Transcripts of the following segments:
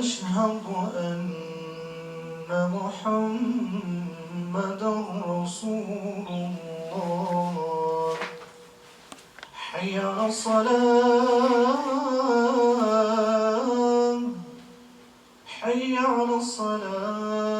أشهد أن محمد رسول الله حي على الصلاة حي على الصلاة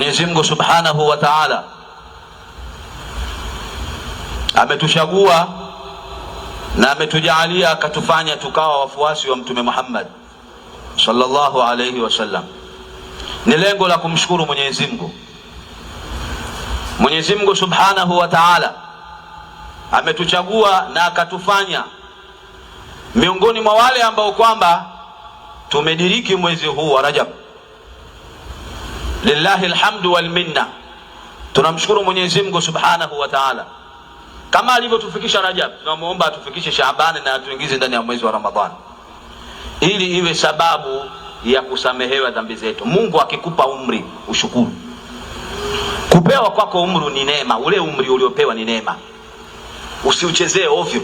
Mwenyezi Mungu Subhanahu wa Ta'ala ametuchagua na ametujaalia akatufanya tukawa wafuasi wa Mtume Muhammad sallallahu alayhi wasallam. Ni lengo la kumshukuru Mwenyezi Mungu. Mwenyezi Mungu Subhanahu wa Ta'ala ametuchagua na akatufanya miongoni mwa wale ambao kwamba tumediriki mwezi huu wa Rajab. Lillahi lhamdu walminna tunamshukuru Mwenyezi Mungu subhanahu wa taala kama alivyotufikisha Rajab, tunamwomba atufikishe Shaabani na atuingize ndani ya mwezi wa Ramadhani ili iwe sababu ya kusamehewa dhambi zetu. Mungu akikupa umri ushukuru. Kupewa kwako umri ni neema, ule umri uliopewa ni neema, usiuchezee ovyo,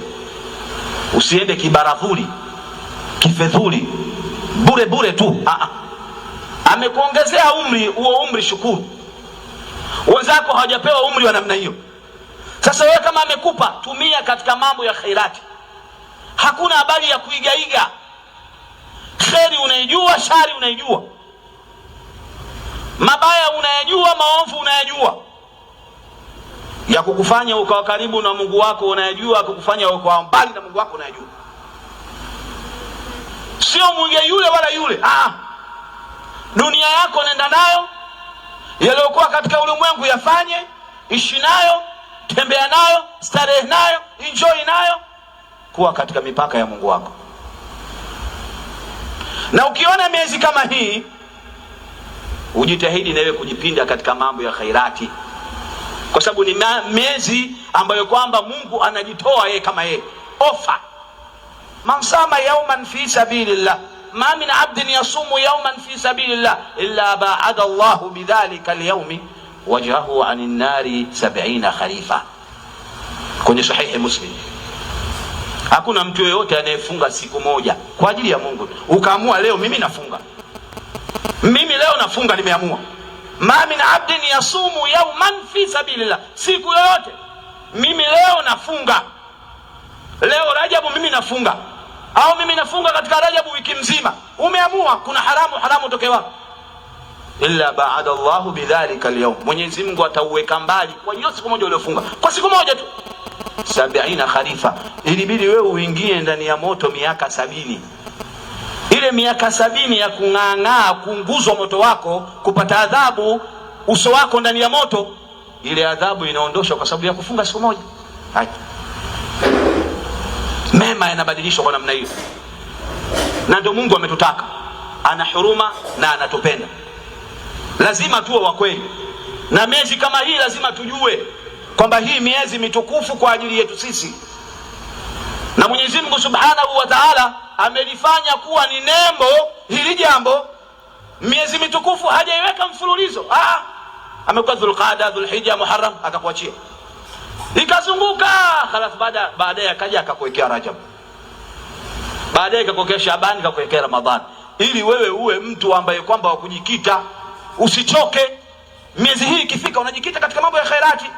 usiende kibaravuli kifedhuli bure bure tu. Aa, ah, ah amekuongezea umri huo, umri shukuru. Wenzako hawajapewa umri wa namna hiyo. Sasa wewe kama amekupa, tumia katika mambo ya khairati. Hakuna habari ya kuigaiga, kheri unaijua, shari unaijua, mabaya unayajua, maovu unayajua, ya kukufanya ukawa karibu na Mungu wako unayajua, kukufanya ukawa mbali na Mungu wako unayajua. Sio mwige yule wala yule, ah dunia yako nenda nayo, yaliyokuwa katika ulimwengu yafanye, ishi nayo, tembea nayo, starehe nayo, enjoy nayo, kuwa katika mipaka ya Mungu wako. Na ukiona miezi kama hii, ujitahidi nawe kujipinda katika mambo ya khairati, kwa sababu ni miezi ambayo kwamba Mungu anajitoa yeye kama yeye ofa man sama yauman fi sabilillah ma min abdin yasumu yauman fi sabilillah illa baada llahu bidhalika lyaumi wajhahu an nari 70 kharifa, kwenye sahihi Muslim. Hakuna mtu yeyote anayefunga siku moja kwa ajili ya Mungu ukaamua leo, mimi nafunga, mimi leo nafunga, nimeamua. Ma min abdin yasumu yauman fi sabilillah, siku yoyote mimi leo nafunga, leo Rajabu mimi nafunga au mimi nafunga katika Rajabu wiki mzima, umeamua kuna haramu haramu toke wapi? Illa baada Allahu bidhalika alyawm, Mwenyezi Mungu atauweka mbali kwa hiyo siku moja uliofunga, kwa siku moja tu sabiina khalifa, Ilibidi wewe uingie ndani ya moto miaka sabini. Ile miaka sabini ya kung'ang'aa, kuunguzwa moto wako kupata adhabu uso wako ndani ya moto, ile adhabu inaondoshwa kwa sababu ya kufunga siku moja mema yanabadilishwa kwa namna hiyo, na ndio Mungu ametutaka, ana huruma na anatupenda. Lazima tuwe wa kweli, na miezi kama hii lazima tujue kwamba hii miezi mitukufu kwa ajili yetu sisi, na Mwenyezi Mungu Subhanahu wa Ta'ala amelifanya kuwa ni nembo hili jambo. Miezi mitukufu hajaiweka mfululizo, ah, amekuwa Dhulqada, Dhulhijja, Muharram akakuachia ikazunguka. Halafu baadaye akaja akakuwekea Rajab, baadaye ikakuwekea Shabani, ikakuwekea Ramadhani, ili wewe uwe mtu ambaye kwamba wakujikita, usichoke. Miezi hii ikifika, unajikita katika mambo ya khairati.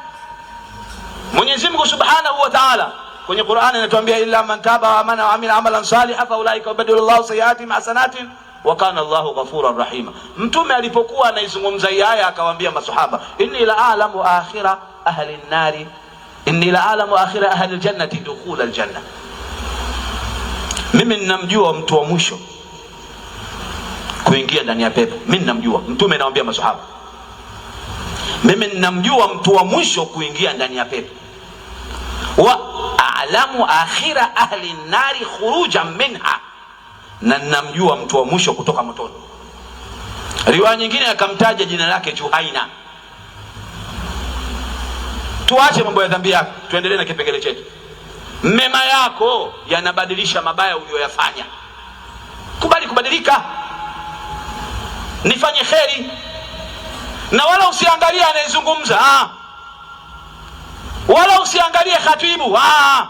Mwenyezi Mungu Subhanahu wa Ta'ala kwenye Qur'ani inatuambia illa man taba wa amana wa amila amalan salihan fa ulaika yubaddilu Allahu sayyiatihim hasanatin wa kana Allahu ghafuran rahima. Mtume alipokuwa anaizungumza hii aya, akawaambia masahaba, inni la a'lamu akhira ahli an-nari inni la alamu akhira ahli aljannati dukhula aljanna, mimi ninamjua mtu wa mwisho kuingia ndani ya pepo. Mimi ninamjua Mtume anawaambia maswahaba, mimi ninamjua mtu wa mwisho kuingia ndani ya pepo. Wa alamu akhira ahli nari khuruja minha, na ninamjua mtu wa mwisho kutoka motoni. Riwaya nyingine akamtaja jina lake Juhaina tuache mambo ya dhambi yako, tuendelee na kipengele chetu. Mema yako yanabadilisha mabaya uliyoyafanya. Kubali kubadilika, nifanye kheri na wala usiangalie anayezungumza, ah. wala usiangalie khatibu ah.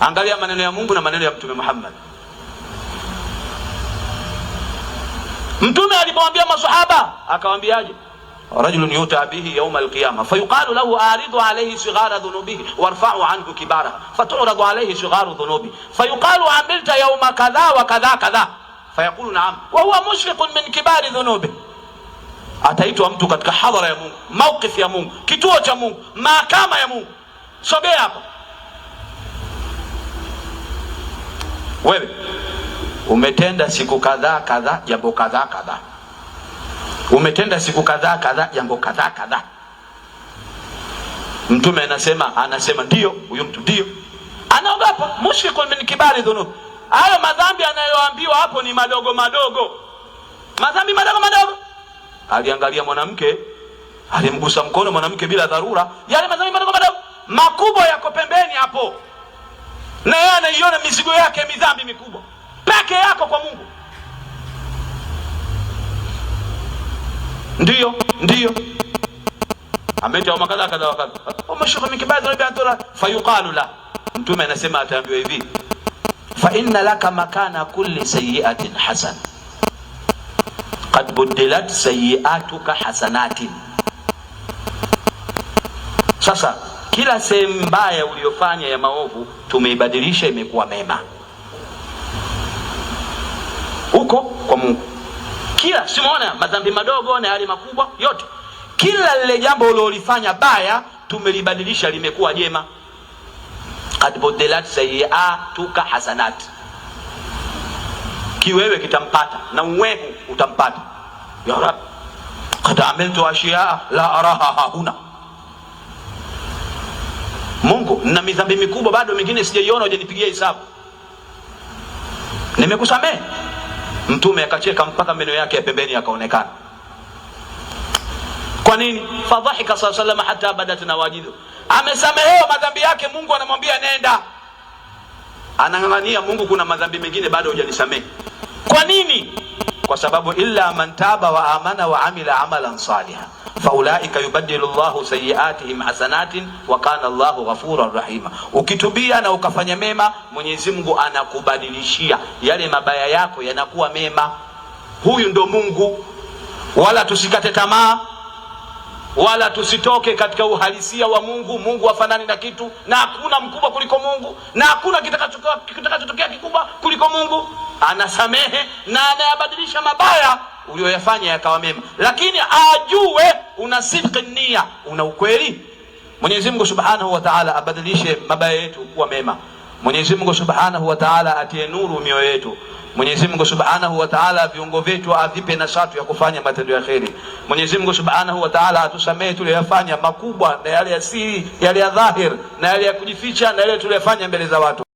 Angalia maneno ya Mungu na maneno ya Mtume Muhammad. Mtume alipomwambia masahaba akawambiaje? rajulun yuta bihi yauma alqiyama fayuqalu lahu aridu alayhi sighara dhunubihi warfau anhu kibaraha faturadu alayhi sigharu dhunubihi fayuqalu amilta yauma kadha wa kadha kadha fayaqulu naam wa huwa mushfiqun min kibari dhunubihi. Ataitwa mtu katika hadhara ya Mungu, mauqifu ya Mungu, kituo cha Mungu, mahakama ya Mungu. Sogea hapa wewe, umetenda siku kadhaa kadhaa, jambo kadhaa kadhaa umetenda siku kadhaa kadhaa jambo kadhaa kadhaa. Mtume anasema anasema ndio, huyu mtu ndio anaogopa mushriku min kibari dhunub. Hayo madhambi anayoambiwa hapo ni madogo madogo, madhambi madogo madogo. Aliangalia mwanamke, alimgusa mkono mwanamke bila dharura, yale madhambi madogo madogo. Makubwa yako pembeni hapo, na yeye anaiona mizigo yake midhambi mikubwa peke yako kwa Mungu. ndiyo ndiyo ameitwa makadha kadha wa kadha, umeshuka oh, mikibadi anatora fayuqalu la mtume anasema, ataambiwa hivi fa inna laka makana kulli sayyi'atin hasana qad buddilat sayyi'atuka hasanatin. Sasa kila sehemu mbaya uliyofanya ya maovu tumeibadilisha imekuwa mema huko kwa Mungu kila simuona madhambi madogo na yale makubwa yote, kila lile jambo uliolifanya baya tumelibadilisha limekuwa jema. Qad budilat sayyi'atuka hasanat, kiwewe kitampata na uwehu utampata. Ya Rab, qad amiltu ashiya la araha huna Mungu, na midhambi mikubwa bado mingine sijaiona, hujanipigia hisabu, nimekusamehe Mtume akacheka mpaka meno yake ya pembeni yakaonekana. Kwa nini? Fadhahika saa salam hata badat nawajidu, amesamehewa madhambi yake. Mungu anamwambia nenda, anang'ang'ania Mungu, kuna madhambi mengine bado hujanisamehe. Kwa nini? Kwa sababu illa man taba wa amana wa amila amalan saliha faulaika yubadilu llahu sayiatihim hasanatin wa kana llahu ghafuran rahima. Ukitubia na ukafanya mema, Mwenyezi Mungu anakubadilishia yale mabaya yako yanakuwa mema. Huyu ndo Mungu, wala tusikate tamaa wala tusitoke katika uhalisia wa Mungu. Mungu hafanani na kitu, na hakuna mkubwa kuliko Mungu, na hakuna kitakachotokea kikubwa kuliko Mungu. Anasamehe na anayabadilisha mabaya uliyoyafanya yakawa mema, lakini ajue una sidqi nia, una ukweli. Mwenyezi Mungu Subhanahu wa Ta'ala abadilishe mabaya yetu kuwa mema. Mwenyezi Mungu Subhanahu wa Ta'ala atie nuru mioyo yetu. Mwenyezi Mungu Subhanahu wa Ta'ala viungo vyetu avipe nashati ya kufanya matendo ya kheri. Mwenyezi Mungu Subhanahu wa Ta'ala atusamehe tuliyofanya makubwa na yale ya siri, yale ya dhahir na yale ya kujificha na yale tuliyofanya mbele za watu.